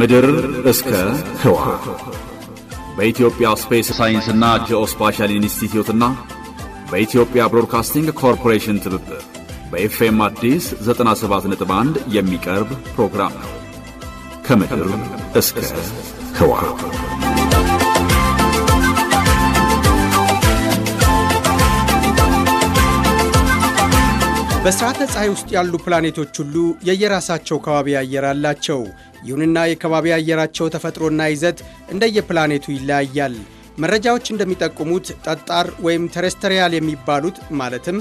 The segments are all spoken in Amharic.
ከምድር እስከ ህዋ በኢትዮጵያ ስፔስ ሳይንስና ጂኦስፓሻል ኢንስቲትዩትና በኢትዮጵያ ብሮድካስቲንግ ኮርፖሬሽን ትብብር በኤፍኤም አዲስ 97.1 የሚቀርብ ፕሮግራም ነው። ከምድር እስከ ህዋ በስርዓተ ፀሐይ ውስጥ ያሉ ፕላኔቶች ሁሉ የየራሳቸው ከባቢ አየር አላቸው። ይሁንና የከባቢ አየራቸው ተፈጥሮና ይዘት እንደየፕላኔቱ ይለያያል። መረጃዎች እንደሚጠቁሙት ጠጣር ወይም ተረስተሪያል የሚባሉት ማለትም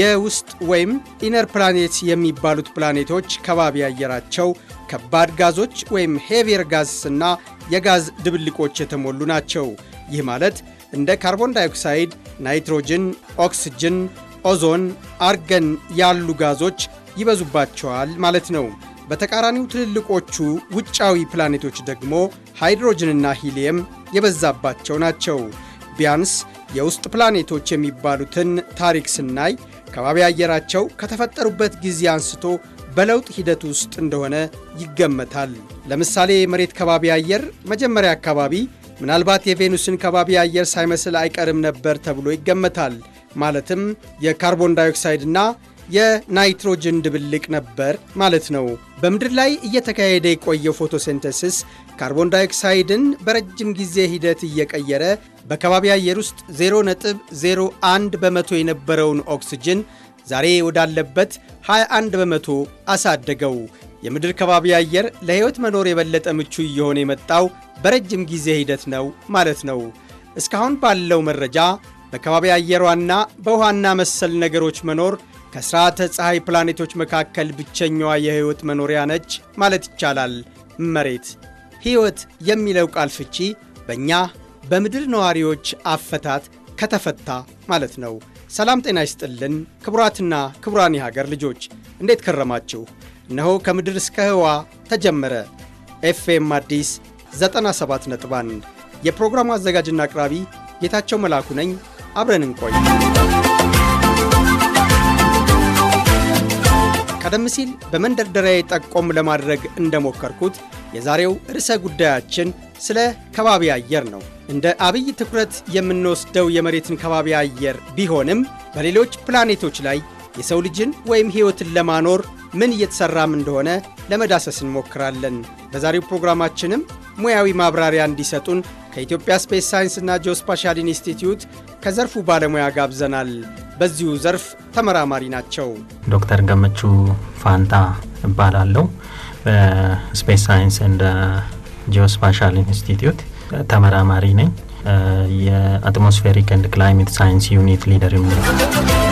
የውስጥ ወይም ኢነር ፕላኔት የሚባሉት ፕላኔቶች ከባቢ አየራቸው ከባድ ጋዞች ወይም ሄቪየር ጋዝስና የጋዝ ድብልቆች የተሞሉ ናቸው። ይህ ማለት እንደ ካርቦን ዳይኦክሳይድ፣ ናይትሮጅን፣ ኦክስጅን፣ ኦዞን፣ አርገን ያሉ ጋዞች ይበዙባቸዋል ማለት ነው። በተቃራኒው ትልልቆቹ ውጫዊ ፕላኔቶች ደግሞ ሃይድሮጅንና ሂሊየም የበዛባቸው ናቸው። ቢያንስ የውስጥ ፕላኔቶች የሚባሉትን ታሪክ ስናይ ከባቢ አየራቸው ከተፈጠሩበት ጊዜ አንስቶ በለውጥ ሂደት ውስጥ እንደሆነ ይገመታል። ለምሳሌ የመሬት ከባቢ አየር መጀመሪያ አካባቢ ምናልባት የቬኑስን ከባቢ አየር ሳይመስል አይቀርም ነበር ተብሎ ይገመታል። ማለትም የካርቦን ዳይኦክሳይድና የናይትሮጅን ድብልቅ ነበር ማለት ነው። በምድር ላይ እየተካሄደ የቆየው ፎቶሲንተሲስ ካርቦን ዳይኦክሳይድን በረጅም ጊዜ ሂደት እየቀየረ በከባቢ አየር ውስጥ 0.01 በመቶ የነበረውን ኦክስጅን ዛሬ ወዳለበት 21 በመቶ አሳደገው። የምድር ከባቢ አየር ለሕይወት መኖር የበለጠ ምቹ እየሆነ የመጣው በረጅም ጊዜ ሂደት ነው ማለት ነው። እስካሁን ባለው መረጃ በከባቢ አየሯና በውሃና መሰል ነገሮች መኖር ከስርዓተ ፀሐይ ፕላኔቶች መካከል ብቸኛዋ የህይወት መኖሪያ ነች ማለት ይቻላል። መሬት ሕይወት የሚለው ቃል ፍቺ በእኛ በምድር ነዋሪዎች አፈታት ከተፈታ ማለት ነው። ሰላም ጤና ይስጥልን ክቡራትና ክቡራን የሀገር ልጆች እንዴት ከረማችሁ? እነሆ ከምድር እስከ ህዋ ተጀመረ። ኤፍኤም አዲስ ነጥባን የፕሮግራሙ አዘጋጅና አቅራቢ ጌታቸው መላኩ ነኝ። አብረን እንቆይ። ቀደም ሲል በመንደርደሪያ ጠቆም ለማድረግ እንደሞከርኩት የዛሬው ርዕሰ ጉዳያችን ስለ ከባቢ አየር ነው። እንደ አብይ ትኩረት የምንወስደው የመሬትን ከባቢ አየር ቢሆንም በሌሎች ፕላኔቶች ላይ የሰው ልጅን ወይም ሕይወትን ለማኖር ምን እየተሠራም እንደሆነ ለመዳሰስ እንሞክራለን። በዛሬው ፕሮግራማችንም ሙያዊ ማብራሪያ እንዲሰጡን ከኢትዮጵያ ስፔስ ሳይንስና ጂኦስፓሻል ኢንስቲትዩት ከዘርፉ ባለሙያ ጋብዘናል። በዚሁ ዘርፍ ተመራማሪ ናቸው። ዶክተር ገመቹ ፋንታ እባላለሁ። በስፔስ ሳይንስ እንደ ጂኦስፓሻል ኢንስቲትዩት ተመራማሪ ነኝ። የአትሞስፌሪክ ንድ ክላይሜት ሳይንስ ዩኒት ሊደር ነው።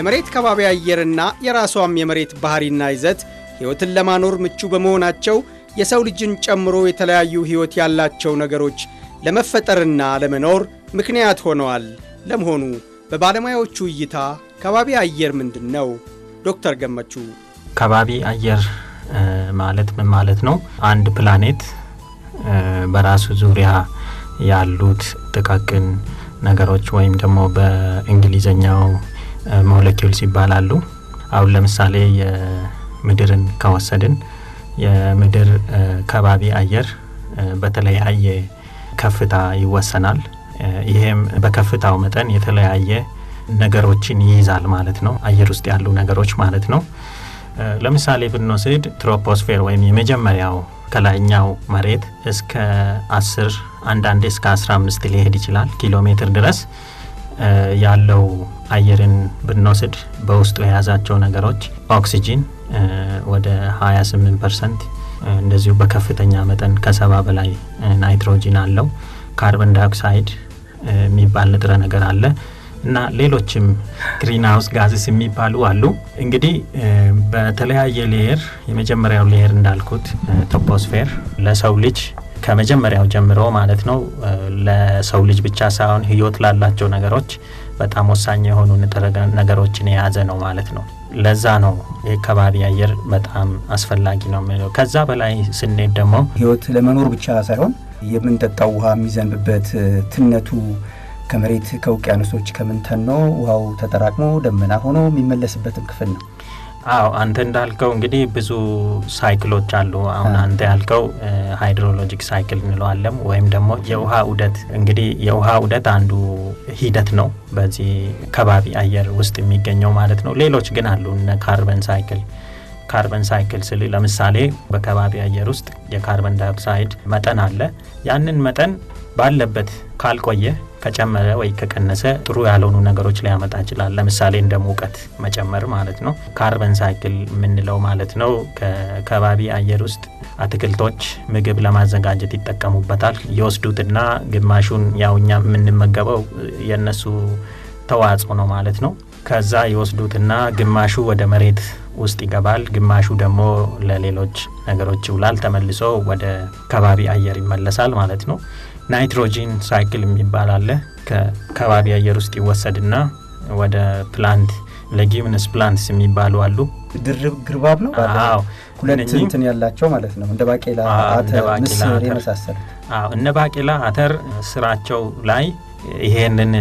የመሬት ከባቢ አየርና የራሷም የመሬት ባህሪና ይዘት ሕይወትን ለማኖር ምቹ በመሆናቸው የሰው ልጅን ጨምሮ የተለያዩ ሕይወት ያላቸው ነገሮች ለመፈጠርና ለመኖር ምክንያት ሆነዋል። ለመሆኑ በባለሙያዎቹ እይታ ከባቢ አየር ምንድን ነው? ዶክተር ገመቹ ከባቢ አየር ማለት ምን ማለት ነው? አንድ ፕላኔት በራሱ ዙሪያ ያሉት ጥቃቅን ነገሮች ወይም ደግሞ በእንግሊዘኛው ሞለኪውልስ ይባላሉ። አሁን ለምሳሌ የምድርን ከወሰድን የምድር ከባቢ አየር በተለያየ ከፍታ ይወሰናል። ይሄም በከፍታው መጠን የተለያየ ነገሮችን ይይዛል ማለት ነው። አየር ውስጥ ያሉ ነገሮች ማለት ነው። ለምሳሌ ብንወስድ ትሮፖስፌር ወይም የመጀመሪያው ከላይኛው መሬት እስከ 10 አንዳንዴ እስከ 15 ሊሄድ ይችላል ኪሎ ሜትር ድረስ ያለው አየርን ብንወስድ በውስጡ የያዛቸው ነገሮች ኦክሲጂን ወደ 28 ፐርሰንት፣ እንደዚሁ በከፍተኛ መጠን ከሰባ በላይ ናይትሮጂን አለው። ካርበን ዳይኦክሳይድ የሚባል ንጥረ ነገር አለ እና ሌሎችም ግሪንሃውስ ጋዝስ የሚባሉ አሉ። እንግዲህ በተለያየ ሌየር የመጀመሪያው ሌየር እንዳልኩት ቶፖስፌር ለሰው ልጅ ከመጀመሪያው ጀምሮ ማለት ነው ለሰው ልጅ ብቻ ሳይሆን ህይወት ላላቸው ነገሮች በጣም ወሳኝ የሆኑ ንጥረ ነገሮችን የያዘ ነው ማለት ነው። ለዛ ነው የከባቢ አየር በጣም አስፈላጊ ነው የሚለው። ከዛ በላይ ስንሄድ ደግሞ ህይወት ለመኖር ብቻ ሳይሆን የምንጠጣው ውሃ የሚዘንብበት ትነቱ ከመሬት ከውቅያኖሶች ከምንተን ነው ውሃው ተጠራቅሞ ደመና ሆኖ የሚመለስበትም ክፍል ነው። አዎ አንተ እንዳልከው እንግዲህ ብዙ ሳይክሎች አሉ። አሁን አንተ ያልከው ሃይድሮሎጂክ ሳይክል እንለዋለም ወይም ደግሞ የውሃ ውደት እንግዲህ የውሃ ውደት አንዱ ሂደት ነው፣ በዚህ ከባቢ አየር ውስጥ የሚገኘው ማለት ነው። ሌሎች ግን አሉ እነ ካርበን ሳይክል ካርበን ሳይክል ስል ለምሳሌ በከባቢ አየር ውስጥ የካርበን ዳይኦክሳይድ መጠን አለ። ያንን መጠን ባለበት ካልቆየ ከጨመረ ወይ ከቀነሰ ጥሩ ያልሆኑ ነገሮች ሊያመጣ ይችላል። ለምሳሌ እንደ ሙቀት መጨመር ማለት ነው። ካርበን ሳይክል የምንለው ማለት ነው። ከከባቢ አየር ውስጥ አትክልቶች ምግብ ለማዘጋጀት ይጠቀሙበታል። የወስዱትና ግማሹን ያው እኛ የምንመገበው የእነሱ ተዋጽኦ ነው ማለት ነው። ከዛ ይወስዱትና ግማሹ ወደ መሬት ውስጥ ይገባል፣ ግማሹ ደግሞ ለሌሎች ነገሮች ይውላል። ተመልሶ ወደ ከባቢ አየር ይመለሳል ማለት ነው። ናይትሮጂን ሳይክል የሚባል አለ። ከከባቢ አየር ውስጥ ይወሰድና ወደ ፕላንት ለጊምንስ ፕላንትስ የሚባሉ አሉ። ድርብ ግርባብ ነው። አዎ ሁለት ያላቸው ማለት ነው። እንደ ባቄላ፣ አተር፣ ምስር የመሳሰሉ እነ ባቄላ፣ አተር ስራቸው ላይ ይሄንን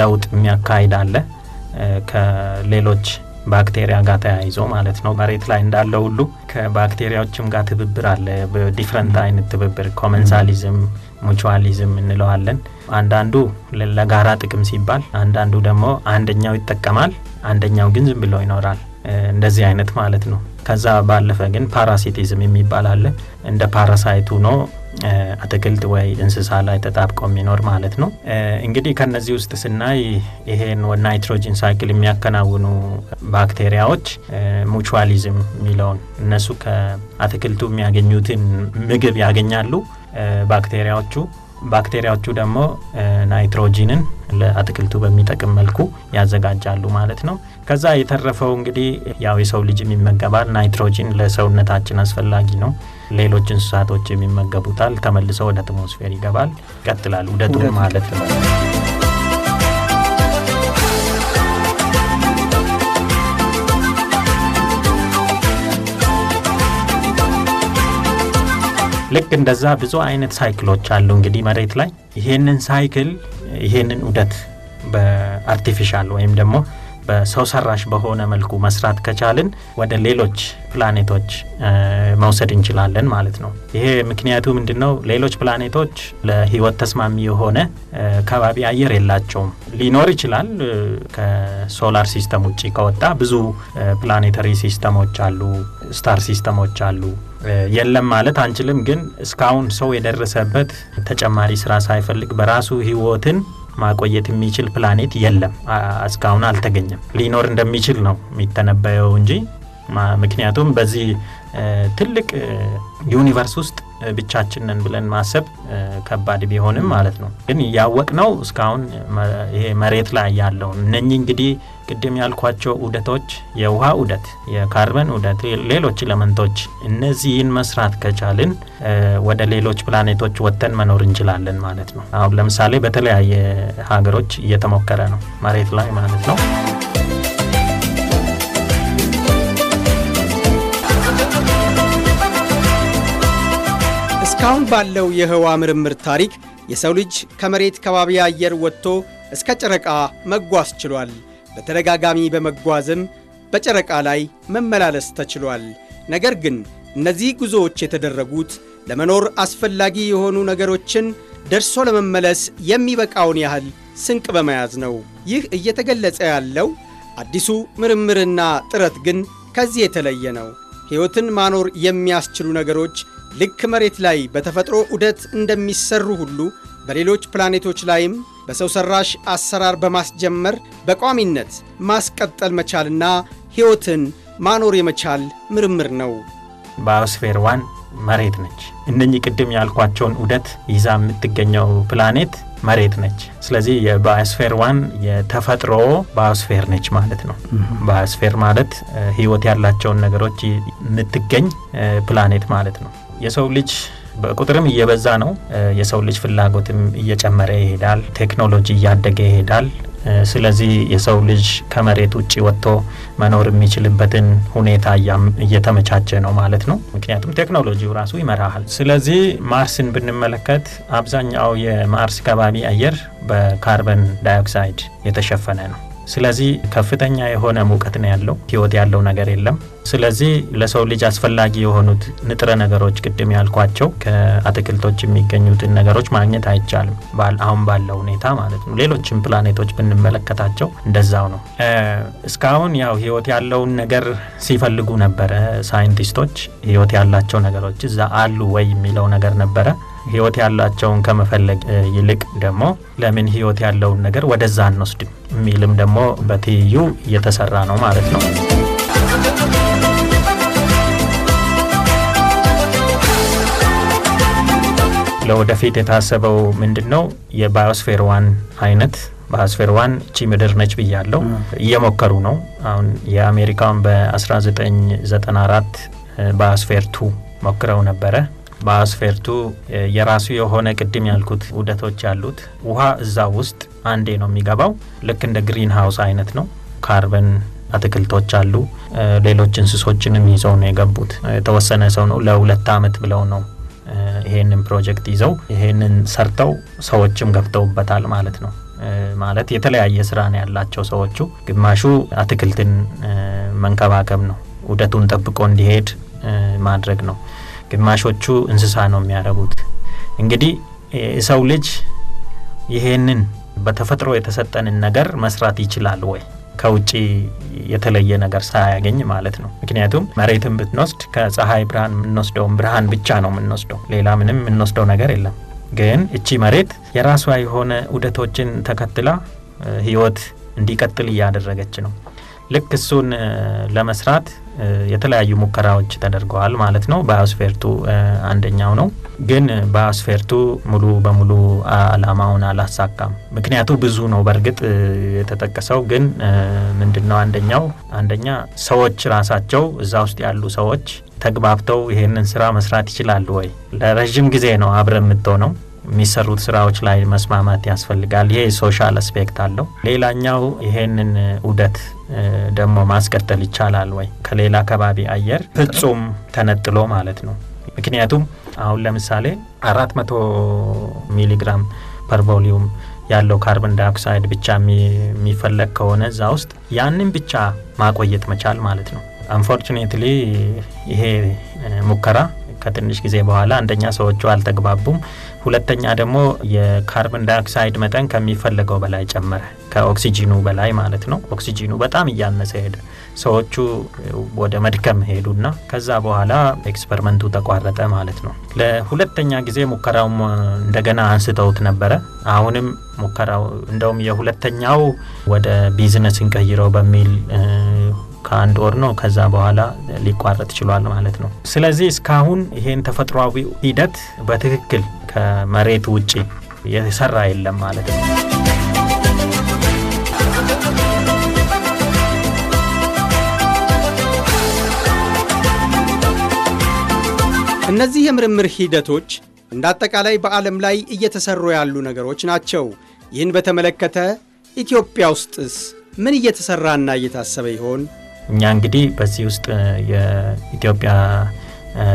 ለውጥ የሚያካሂድ አለ ከሌሎች ባክቴሪያ ጋር ተያይዞ ማለት ነው። መሬት ላይ እንዳለ ሁሉ ከባክቴሪያዎችም ጋር ትብብር አለ። ዲፍረንት አይነት ትብብር ኮመንሳሊዝም፣ ሙቹዋሊዝም እንለዋለን። አንዳንዱ ለጋራ ጥቅም ሲባል፣ አንዳንዱ ደግሞ አንደኛው ይጠቀማል፣ አንደኛው ግን ዝም ብሎ ይኖራል። እንደዚህ አይነት ማለት ነው። ከዛ ባለፈ ግን ፓራሲቲዝም የሚባል አለ። እንደ ፓራሳይቱ ነው አትክልት ወይ እንስሳ ላይ ተጣብቆ የሚኖር ማለት ነው። እንግዲህ ከነዚህ ውስጥ ስናይ ይሄን ናይትሮጂን ሳይክል የሚያከናውኑ ባክቴሪያዎች ሙቹዋሊዝም የሚለውን እነሱ ከአትክልቱ የሚያገኙትን ምግብ ያገኛሉ ባክቴሪያዎቹ ባክቴሪያዎቹ ደግሞ ናይትሮጂንን ለአትክልቱ በሚጠቅም መልኩ ያዘጋጃሉ ማለት ነው። ከዛ የተረፈው እንግዲህ ያው የሰው ልጅ የሚመገባል። ናይትሮጂን ለሰውነታችን አስፈላጊ ነው። ሌሎች እንስሳቶች የሚመገቡታል። ተመልሰው ወደ አትሞስፌር ይገባል። ይቀጥላል ውደቱ ማለት ነው። ልክ እንደዛ ብዙ አይነት ሳይክሎች አሉ እንግዲህ መሬት ላይ ይሄንን ሳይክል ይሄንን ውደት በአርቲፊሻል ወይም ደግሞ በሰው ሰራሽ በሆነ መልኩ መስራት ከቻልን ወደ ሌሎች ፕላኔቶች መውሰድ እንችላለን ማለት ነው። ይሄ ምክንያቱ ምንድን ነው? ሌሎች ፕላኔቶች ለህይወት ተስማሚ የሆነ ከባቢ አየር የላቸውም። ሊኖር ይችላል ከሶላር ሲስተም ውጭ ከወጣ ብዙ ፕላኔተሪ ሲስተሞች አሉ፣ ስታር ሲስተሞች አሉ። የለም ማለት አንችልም፣ ግን እስካሁን ሰው የደረሰበት ተጨማሪ ስራ ሳይፈልግ በራሱ ህይወትን ማቆየት የሚችል ፕላኔት የለም፣ እስካሁን አልተገኘም። ሊኖር እንደሚችል ነው የሚተነበየው እንጂ ምክንያቱም በዚህ ትልቅ ዩኒቨርስ ውስጥ ብቻችንን ብለን ማሰብ ከባድ ቢሆንም ማለት ነው። ግን እያወቅ ነው እስካሁን ይሄ መሬት ላይ ያለውን እነኚህ እንግዲህ ቅድም ያልኳቸው ውደቶች የውሃ ውደት የካርበን ውደት ሌሎች ለመንቶች እነዚህን መስራት ከቻልን ወደ ሌሎች ፕላኔቶች ወጥተን መኖር እንችላለን ማለት ነው። አሁን ለምሳሌ በተለያየ ሀገሮች እየተሞከረ ነው መሬት ላይ ማለት ነው። እስካሁን ባለው የህዋ ምርምር ታሪክ የሰው ልጅ ከመሬት ከባቢ አየር ወጥቶ እስከ ጨረቃ መጓዝ ችሏል። በተደጋጋሚ በመጓዝም በጨረቃ ላይ መመላለስ ተችሏል። ነገር ግን እነዚህ ጉዞዎች የተደረጉት ለመኖር አስፈላጊ የሆኑ ነገሮችን ደርሶ ለመመለስ የሚበቃውን ያህል ስንቅ በመያዝ ነው። ይህ እየተገለጸ ያለው አዲሱ ምርምርና ጥረት ግን ከዚህ የተለየ ነው። ሕይወትን ማኖር የሚያስችሉ ነገሮች ልክ መሬት ላይ በተፈጥሮ ዑደት እንደሚሰሩ ሁሉ በሌሎች ፕላኔቶች ላይም በሰው ሰራሽ አሰራር በማስጀመር በቋሚነት ማስቀጠል መቻልና ሕይወትን ማኖር የመቻል ምርምር ነው። ባዮስፌር ዋን መሬት ነች። እነኚህ ቅድም ያልኳቸውን ዑደት ይዛ የምትገኘው ፕላኔት መሬት ነች። ስለዚህ የባዮስፌር ዋን የተፈጥሮ ባዮስፌር ነች ማለት ነው። ባዮስፌር ማለት ሕይወት ያላቸውን ነገሮች የምትገኝ ፕላኔት ማለት ነው። የሰው ልጅ በቁጥርም እየበዛ ነው። የሰው ልጅ ፍላጎትም እየጨመረ ይሄዳል። ቴክኖሎጂ እያደገ ይሄዳል። ስለዚህ የሰው ልጅ ከመሬት ውጭ ወጥቶ መኖር የሚችልበትን ሁኔታ እየተመቻቸ ነው ማለት ነው። ምክንያቱም ቴክኖሎጂው ራሱ ይመራሃል። ስለዚህ ማርስን ብንመለከት አብዛኛው የማርስ ከባቢ አየር በካርበን ዳይኦክሳይድ የተሸፈነ ነው። ስለዚህ ከፍተኛ የሆነ ሙቀት ነው ያለው። ህይወት ያለው ነገር የለም። ስለዚህ ለሰው ልጅ አስፈላጊ የሆኑት ንጥረ ነገሮች ቅድም ያልኳቸው ከአትክልቶች የሚገኙትን ነገሮች ማግኘት አይቻልም፣ አሁን ባለው ሁኔታ ማለት ነው። ሌሎችም ፕላኔቶች ብንመለከታቸው እንደዛው ነው። እስካሁን ያው ህይወት ያለውን ነገር ሲፈልጉ ነበረ ሳይንቲስቶች። ህይወት ያላቸው ነገሮች እዛ አሉ ወይ የሚለው ነገር ነበረ። ህይወት ያላቸውን ከመፈለግ ይልቅ ደግሞ ለምን ህይወት ያለውን ነገር ወደዛ እንወስድ የሚልም ደግሞ በትይዩ እየተሰራ ነው ማለት ነው። ለወደፊት የታሰበው ምንድን ነው? የባዮስፌር ዋን አይነት ባዮስፌር ዋን ቺ ምድር ነች ብያለው። እየሞከሩ ነው አሁን የአሜሪካውን በ1994 ባዮስፌር ቱ ሞክረው ነበረ። በአስፌርቱ የራሱ የሆነ ቅድም ያልኩት ውደቶች ያሉት ውሃ እዛ ውስጥ አንዴ ነው የሚገባው። ልክ እንደ ግሪን ሀውስ አይነት ነው። ካርበን አትክልቶች አሉ። ሌሎች እንስሶችንም ይዘው ነው የገቡት። የተወሰነ ሰው ነው ለሁለት አመት ብለው ነው ይሄንን ፕሮጀክት ይዘው ይሄንን ሰርተው ሰዎችም ገብተውበታል ማለት ነው። ማለት የተለያየ ስራ ነው ያላቸው ሰዎቹ። ግማሹ አትክልትን መንከባከብ ነው፣ ውደቱን ጠብቆ እንዲሄድ ማድረግ ነው። ግማሾቹ እንስሳ ነው የሚያረቡት። እንግዲህ ሰው ልጅ ይሄንን በተፈጥሮ የተሰጠንን ነገር መስራት ይችላል ወይ? ከውጭ የተለየ ነገር ሳያገኝ ማለት ነው። ምክንያቱም መሬትን ብትወስድ ከፀሐይ ብርሃን የምንወስደውን ብርሃን ብቻ ነው የምንወስደው፣ ሌላ ምንም የምንወስደው ነገር የለም። ግን እቺ መሬት የራሷ የሆነ ውደቶችን ተከትላ ህይወት እንዲቀጥል እያደረገች ነው። ልክ እሱን ለመስራት የተለያዩ ሙከራዎች ተደርገዋል ማለት ነው። ባዮስፌር ቱ አንደኛው ነው። ግን ባዮስፌር ቱ ሙሉ በሙሉ አላማውን አላሳካም። ምክንያቱ ብዙ ነው። በእርግጥ የተጠቀሰው ግን ምንድን ነው? አንደኛው አንደኛ ሰዎች ራሳቸው እዛ ውስጥ ያሉ ሰዎች ተግባብተው ይሄንን ስራ መስራት ይችላሉ ወይ? ለረዥም ጊዜ ነው አብረ የምትሆነው የሚሰሩት ስራዎች ላይ መስማማት ያስፈልጋል። ይሄ ሶሻል አስፔክት አለው። ሌላኛው ይሄንን ውደት ደግሞ ማስቀጠል ይቻላል ወይ ከሌላ ከባቢ አየር ፍጹም ተነጥሎ ማለት ነው። ምክንያቱም አሁን ለምሳሌ አራት መቶ ሚሊግራም ቮሊዩም ያለው ካርቦን ዳይኦክሳይድ ብቻ የሚፈለግ ከሆነ እዛ ውስጥ ያንን ብቻ ማቆየት መቻል ማለት ነው። አንፎርቹኔትሊ ይሄ ሙከራ ከትንሽ ጊዜ በኋላ አንደኛ ሰዎቹ አልተግባቡም። ሁለተኛ ደግሞ የካርበን ዳይኦክሳይድ መጠን ከሚፈለገው በላይ ጨመረ፣ ከኦክሲጂኑ በላይ ማለት ነው። ኦክሲጂኑ በጣም እያነሰ ሄደ። ሰዎቹ ወደ መድከም ሄዱና ከዛ በኋላ ኤክስፐሪመንቱ ተቋረጠ ማለት ነው። ለሁለተኛ ጊዜ ሙከራውም እንደገና አንስተውት ነበረ። አሁንም ሙከራው እንደውም የሁለተኛው ወደ ቢዝነስ እንቀይረው በሚል ከአንድ ወር ነው። ከዛ በኋላ ሊቋረጥ ችሏል ማለት ነው። ስለዚህ እስካሁን ይሄን ተፈጥሯዊ ሂደት በትክክል ከመሬት ውጪ የሰራ የለም ማለት ነው። እነዚህ የምርምር ሂደቶች እንዳጠቃላይ በዓለም ላይ እየተሰሩ ያሉ ነገሮች ናቸው። ይህን በተመለከተ ኢትዮጵያ ውስጥስ ምን እየተሰራና እየታሰበ ይሆን? እኛ እንግዲህ በዚህ ውስጥ የኢትዮጵያ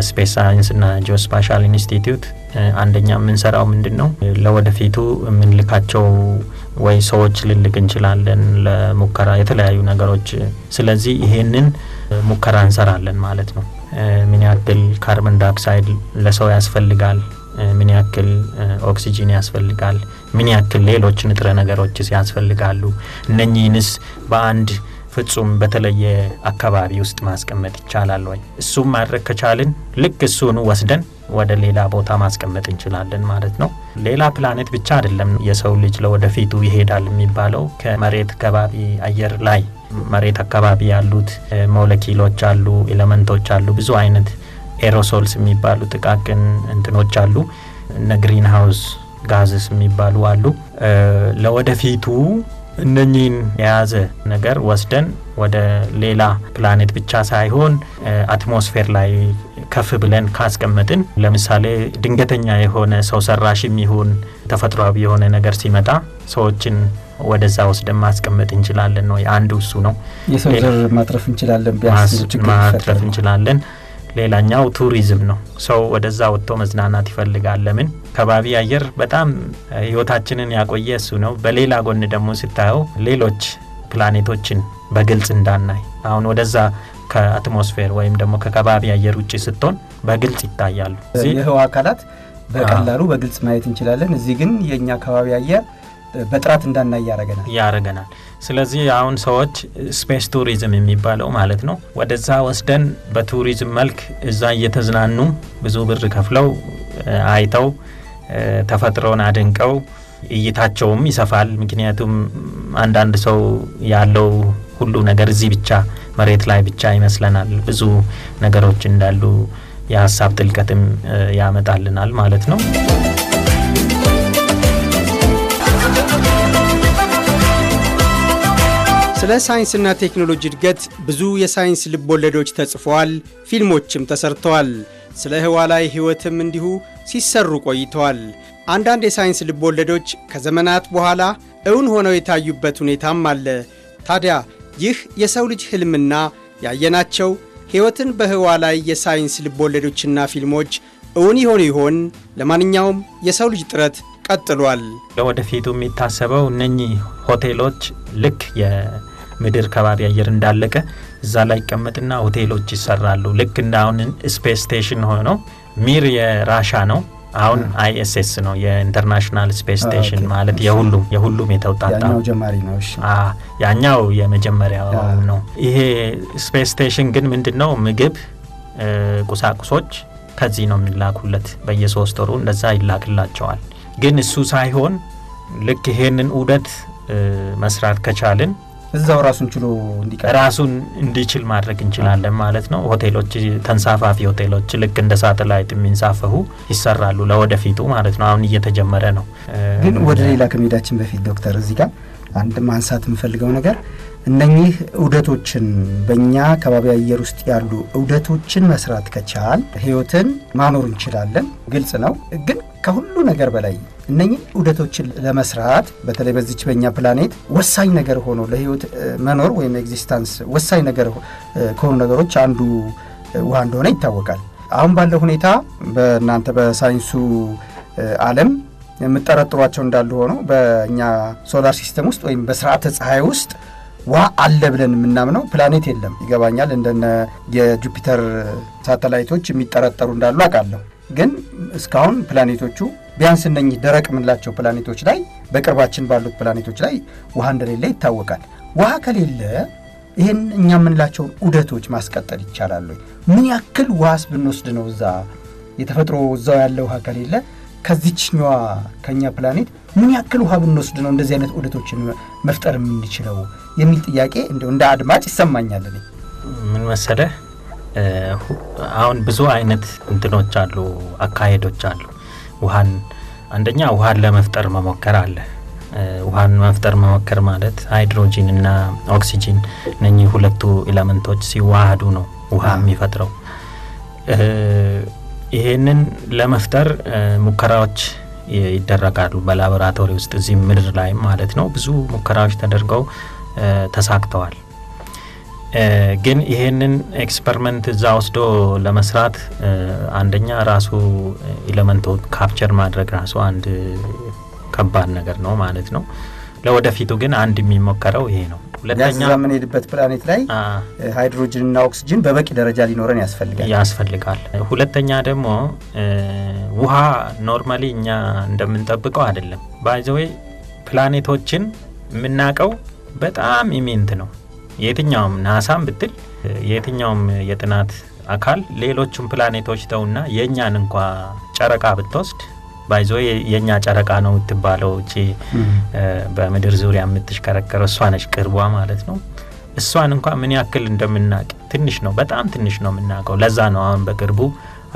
ስፔስ ሳይንስና ጂኦስፓሻል ኢንስቲትዩት አንደኛ የምንሰራው ምንድን ነው፣ ለወደፊቱ የምንልካቸው ወይ ሰዎች ልልክ እንችላለን ለሙከራ የተለያዩ ነገሮች። ስለዚህ ይሄንን ሙከራ እንሰራለን ማለት ነው። ምን ያክል ካርበን ዳክሳይድ ለሰው ያስፈልጋል፣ ምን ያክል ኦክሲጂን ያስፈልጋል፣ ምን ያክል ሌሎች ንጥረ ነገሮችስ ያስፈልጋሉ፣ እነኚህንስ በአንድ ፍጹም በተለየ አካባቢ ውስጥ ማስቀመጥ ይቻላል ወይ? እሱም ማድረግ ከቻልን ልክ እሱን ወስደን ወደ ሌላ ቦታ ማስቀመጥ እንችላለን ማለት ነው። ሌላ ፕላኔት ብቻ አይደለም የሰው ልጅ ለወደፊቱ ይሄዳል የሚባለው ከመሬት ከባቢ አየር ላይ መሬት አካባቢ ያሉት ሞለኪሎች አሉ፣ ኤለመንቶች አሉ፣ ብዙ አይነት ኤሮሶልስ የሚባሉ ጥቃቅን እንትኖች አሉ፣ እነ ግሪን ሃውስ ጋዝስ የሚባሉ አሉ። ለወደፊቱ እነኚህን የያዘ ነገር ወስደን ወደ ሌላ ፕላኔት ብቻ ሳይሆን አትሞስፌር ላይ ከፍ ብለን ካስቀመጥን ለምሳሌ ድንገተኛ የሆነ ሰው ሰራሽም ይሁን ተፈጥሯዊ የሆነ ነገር ሲመጣ ሰዎችን ወደዛ ወስደን ማስቀመጥ እንችላለን ነው። አንዱ እሱ ነው። የሰው ዘር ማትረፍ እንችላለን፣ ማትረፍ እንችላለን። ሌላኛው ቱሪዝም ነው። ሰው ወደዛ ወጥቶ መዝናናት ይፈልጋል። ለምን ከባቢ አየር በጣም ህይወታችንን ያቆየ እሱ ነው። በሌላ ጎን ደግሞ ስታየው ሌሎች ፕላኔቶችን በግልጽ እንዳናይ አሁን ወደዛ ከአትሞስፌር ወይም ደግሞ ከከባቢ አየር ውጭ ስትሆን በግልጽ ይታያሉ። የህዋ አካላት በቀላሉ በግልጽ ማየት እንችላለን። እዚህ ግን የእኛ አካባቢ አየር በጥራት እንዳናይ ያረገናል ያረገናል። ስለዚህ አሁን ሰዎች ስፔስ ቱሪዝም የሚባለው ማለት ነው ወደዛ ወስደን በቱሪዝም መልክ እዛ እየተዝናኑ ብዙ ብር ከፍለው አይተው ተፈጥሮን አድንቀው እይታቸውም ይሰፋል። ምክንያቱም አንዳንድ ሰው ያለው ሁሉ ነገር እዚህ ብቻ መሬት ላይ ብቻ ይመስለናል። ብዙ ነገሮች እንዳሉ የሀሳብ ጥልቀትም ያመጣልናል ማለት ነው። ስለ ሳይንስና ቴክኖሎጂ እድገት ብዙ የሳይንስ ልብ ወለዶች ተጽፈዋል፣ ፊልሞችም ተሰርተዋል። ስለ ህዋ ላይ ህይወትም እንዲሁ ሲሰሩ ቆይተዋል። አንዳንድ የሳይንስ ልቦወለዶች ከዘመናት በኋላ እውን ሆነው የታዩበት ሁኔታም አለ። ታዲያ ይህ የሰው ልጅ ህልምና ያየናቸው ሕይወትን በህዋ ላይ የሳይንስ ልቦወለዶችና ፊልሞች እውን ይሆን ይሆን? ለማንኛውም የሰው ልጅ ጥረት ቀጥሏል። ለወደፊቱ የሚታሰበው እነኚህ ሆቴሎች ልክ የምድር ከባቢ አየር እንዳለቀ እዛ ላይ ይቀመጥና ሆቴሎች ይሰራሉ። ልክ እንደ አሁን ስፔስ ስቴሽን ሆነው ሚር የራሻ ነው። አሁን አይኤስኤስ ነው የኢንተርናሽናል ስፔስ ስቴሽን ማለት የሁሉም የሁሉም የተውጣጣ ጀማሪ ነው። ያኛው የመጀመሪያ ነው። ይሄ ስፔስ ስቴሽን ግን ምንድን ነው ምግብ፣ ቁሳቁሶች ከዚህ ነው የሚላኩለት። በየሶስት ወሩ እንደዛ ይላክላቸዋል። ግን እሱ ሳይሆን ልክ ይሄንን ውደት መስራት ከቻልን እዛው ራሱን ችሎ እንዲቀር ራሱን እንዲችል ማድረግ እንችላለን ማለት ነው። ሆቴሎች፣ ተንሳፋፊ ሆቴሎች ልክ እንደ ሳተላይት የሚንሳፈፉ ይሰራሉ ለወደፊቱ ማለት ነው። አሁን እየተጀመረ ነው። ግን ወደ ሌላ ከሜዳችን በፊት ዶክተር እዚህ ጋር አንድ ማንሳት የምፈልገው ነገር እነኚህ እውደቶችን በእኛ አካባቢ አየር ውስጥ ያሉ እውደቶችን መስራት ከቻል ህይወትን ማኖር እንችላለን። ግልጽ ነው። ግን ከሁሉ ነገር በላይ እነኚህ ውደቶችን ለመስራት በተለይ በዚች በኛ ፕላኔት ወሳኝ ነገር ሆኖ ለህይወት መኖር ወይም ኤግዚስታንስ ወሳኝ ነገር ከሆኑ ነገሮች አንዱ ውሃ እንደሆነ ይታወቃል። አሁን ባለው ሁኔታ በእናንተ በሳይንሱ አለም የምጠረጥሯቸው እንዳሉ ሆኖ በእኛ ሶላር ሲስተም ውስጥ ወይም በስርዓተ ፀሐይ ውስጥ ውሃ አለ ብለን የምናምነው ፕላኔት የለም። ይገባኛል። እንደነ የጁፒተር ሳተላይቶች የሚጠረጠሩ እንዳሉ አውቃለሁ። ግን እስካሁን ፕላኔቶቹ ቢያንስ እነኚህ ደረቅ የምንላቸው ፕላኔቶች ላይ በቅርባችን ባሉት ፕላኔቶች ላይ ውሃ እንደሌለ ይታወቃል። ውሃ ከሌለ ይህን እኛ የምንላቸውን ዑደቶች ማስቀጠል ይቻላሉ? ምን ያክል ውሃስ ብንወስድ ነው እዛ የተፈጥሮ እዛው ያለ ውሃ ከሌለ ከዚችኛዋ ከኛ ፕላኔት ምን ያክል ውሃ ብንወስድ ነው እንደዚህ አይነት ዑደቶችን መፍጠር የምንችለው የሚል ጥያቄ እንደ አድማጭ ይሰማኛል። ምን መሰለህ አሁን ብዙ አይነት እንትኖች አሉ፣ አካሄዶች አሉ። ውሀን አንደኛ ውሃን ለመፍጠር መሞከር አለ። ውሃን መፍጠር መሞከር ማለት ሃይድሮጂን እና ኦክሲጂን ነኚ ሁለቱ ኤለመንቶች ሲዋሃዱ ነው ውሃ የሚፈጥረው። ይሄንን ለመፍጠር ሙከራዎች ይደረጋሉ በላቦራቶሪ ውስጥ እዚህ ምድር ላይ ማለት ነው። ብዙ ሙከራዎች ተደርገው ተሳክተዋል። ግን ይሄንን ኤክስፐሪመንት እዛ ወስዶ ለመስራት አንደኛ ራሱ ኢለመንቶ ካፕቸር ማድረግ ራሱ አንድ ከባድ ነገር ነው ማለት ነው። ለወደፊቱ ግን አንድ የሚሞከረው ይሄ ነው። ሁለተኛ የምንሄድበት ፕላኔት ላይ ሃይድሮጅንና ኦክስጅን በበቂ ደረጃ ሊኖረን ያስፈልጋል ያስፈልጋል። ሁለተኛ ደግሞ ውሃ ኖርማሊ እኛ እንደምንጠብቀው አይደለም። ባይዘወይ ፕላኔቶችን የምናቀው በጣም ኢሜንት ነው የትኛውም ናሳም ብትል የትኛውም የጥናት አካል ሌሎቹም ፕላኔቶች ተውና የእኛን እንኳ ጨረቃ ብትወስድ ባይዞ የእኛ ጨረቃ ነው የምትባለው እቺ በምድር ዙሪያ የምትሽከረከረው እሷ ነች፣ ቅርቧ ማለት ነው። እሷን እንኳ ምን ያክል እንደምናቅ ትንሽ ነው፣ በጣም ትንሽ ነው የምናውቀው። ለዛ ነው አሁን በቅርቡ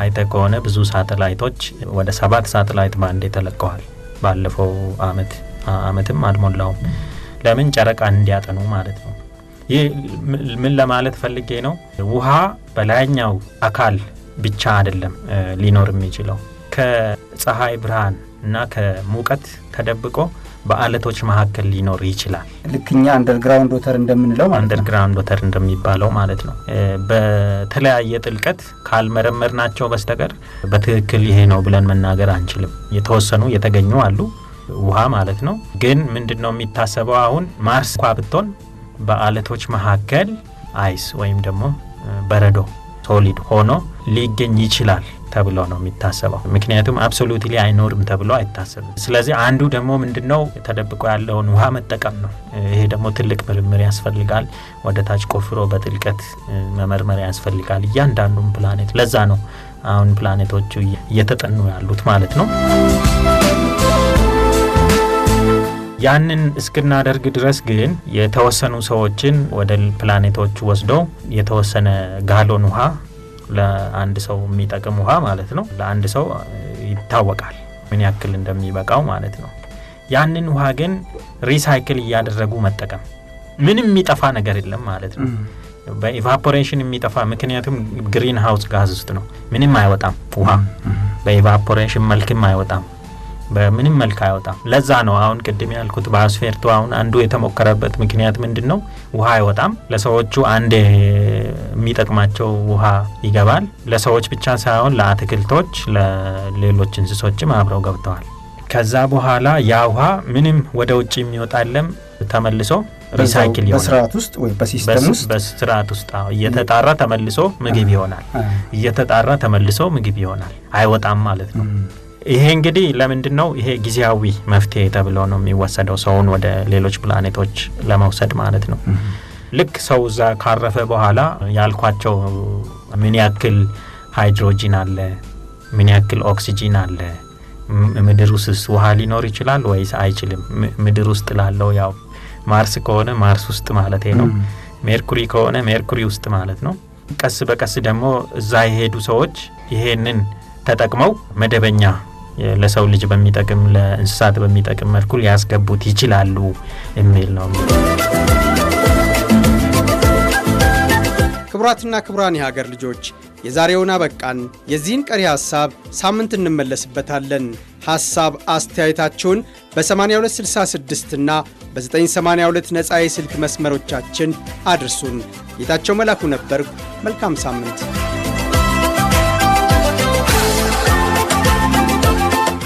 አይተ ከሆነ ብዙ ሳተላይቶች ወደ ሰባት ሳተላይት በአንዴ ተለቀዋል። ባለፈው አመት አመትም አልሞላውም። ለምን ጨረቃን እንዲያጠኑ ማለት ነው። ይህ ምን ለማለት ፈልጌ ነው? ውሃ በላይኛው አካል ብቻ አይደለም ሊኖር የሚችለው ከፀሐይ ብርሃን እና ከሙቀት ተደብቆ በአለቶች መካከል ሊኖር ይችላል። ልክኛ አንደርግራውንድ ወተር እንደምንለው አንደርግራውንድ ወተር እንደሚባለው ማለት ነው። በተለያየ ጥልቀት ካልመረመር ናቸው በስተቀር በትክክል ይሄ ነው ብለን መናገር አንችልም። የተወሰኑ የተገኙ አሉ ውሃ ማለት ነው። ግን ምንድን ነው የሚታሰበው አሁን ማርስ እንኳ ብትሆን በአለቶች መካከል አይስ ወይም ደግሞ በረዶ ሶሊድ ሆኖ ሊገኝ ይችላል ተብሎ ነው የሚታሰበው። ምክንያቱም አብሶሉት አይኖርም ተብሎ አይታሰብም። ስለዚህ አንዱ ደግሞ ምንድን ነው ተደብቆ ያለውን ውሃ መጠቀም ነው። ይሄ ደግሞ ትልቅ ምርምር ያስፈልጋል። ወደ ታች ቆፍሮ በጥልቀት መመርመር ያስፈልጋል እያንዳንዱን ፕላኔት። ለዛ ነው አሁን ፕላኔቶቹ እየተጠኑ ያሉት ማለት ነው። ያንን እስክናደርግ ድረስ ግን የተወሰኑ ሰዎችን ወደ ፕላኔቶች ወስዶ የተወሰነ ጋሎን ውሃ ለአንድ ሰው የሚጠቅም ውሃ ማለት ነው፣ ለአንድ ሰው ይታወቃል ምን ያክል እንደሚበቃው ማለት ነው። ያንን ውሃ ግን ሪሳይክል እያደረጉ መጠቀም ምንም የሚጠፋ ነገር የለም ማለት ነው። በኢቫፖሬሽን የሚጠፋ ምክንያቱም ግሪን ሀውስ ጋዝ ውስጥ ነው፣ ምንም አይወጣም ውሃ በኢቫፖሬሽን መልክም አይወጣም። በምንም መልክ አይወጣም። ለዛ ነው አሁን ቅድም ያልኩት በአስፌርቱ አሁን አንዱ የተሞከረበት ምክንያት ምንድን ነው? ውሃ አይወጣም። ለሰዎቹ አንድ የሚጠቅማቸው ውሃ ይገባል። ለሰዎች ብቻ ሳይሆን ለአትክልቶች፣ ለሌሎች እንስሶችም አብረው ገብተዋል። ከዛ በኋላ ያ ውሃ ምንም ወደ ውጭ የሚወጣለም ተመልሶ ሪሳይክል ይሆናል። ውስጥ በስርዓት ውስጥ እየተጣራ ተመልሶ ምግብ ይሆናል። እየተጣራ ተመልሶ ምግብ ይሆናል። አይወጣም ማለት ነው። ይሄ እንግዲህ ለምንድን ነው ይሄ ጊዜያዊ መፍትሄ ተብሎ ነው የሚወሰደው፣ ሰውን ወደ ሌሎች ፕላኔቶች ለመውሰድ ማለት ነው። ልክ ሰው እዛ ካረፈ በኋላ ያልኳቸው ምን ያክል ሃይድሮጂን አለ፣ ምን ያክል ኦክሲጂን አለ፣ ምድር ውስጥ ውሃ ሊኖር ይችላል ወይስ አይችልም? ምድር ውስጥ ላለው ያው ማርስ ከሆነ ማርስ ውስጥ ማለት ነው፣ ሜርኩሪ ከሆነ ሜርኩሪ ውስጥ ማለት ነው። ቀስ በቀስ ደግሞ እዛ የሄዱ ሰዎች ይሄንን ተጠቅመው መደበኛ ለሰው ልጅ በሚጠቅም ለእንስሳት በሚጠቅም መልኩ ሊያስገቡት ይችላሉ የሚል ነው። ክቡራትና ክቡራን የሀገር ልጆች የዛሬውን አበቃን። የዚህን ቀሪ ሐሳብ ሳምንት እንመለስበታለን። ሐሳብ አስተያየታችሁን በ8266 እና በ982 ነፃ የስልክ መስመሮቻችን አድርሱን። ጌታቸው መላኩ ነበርኩ። መልካም ሳምንት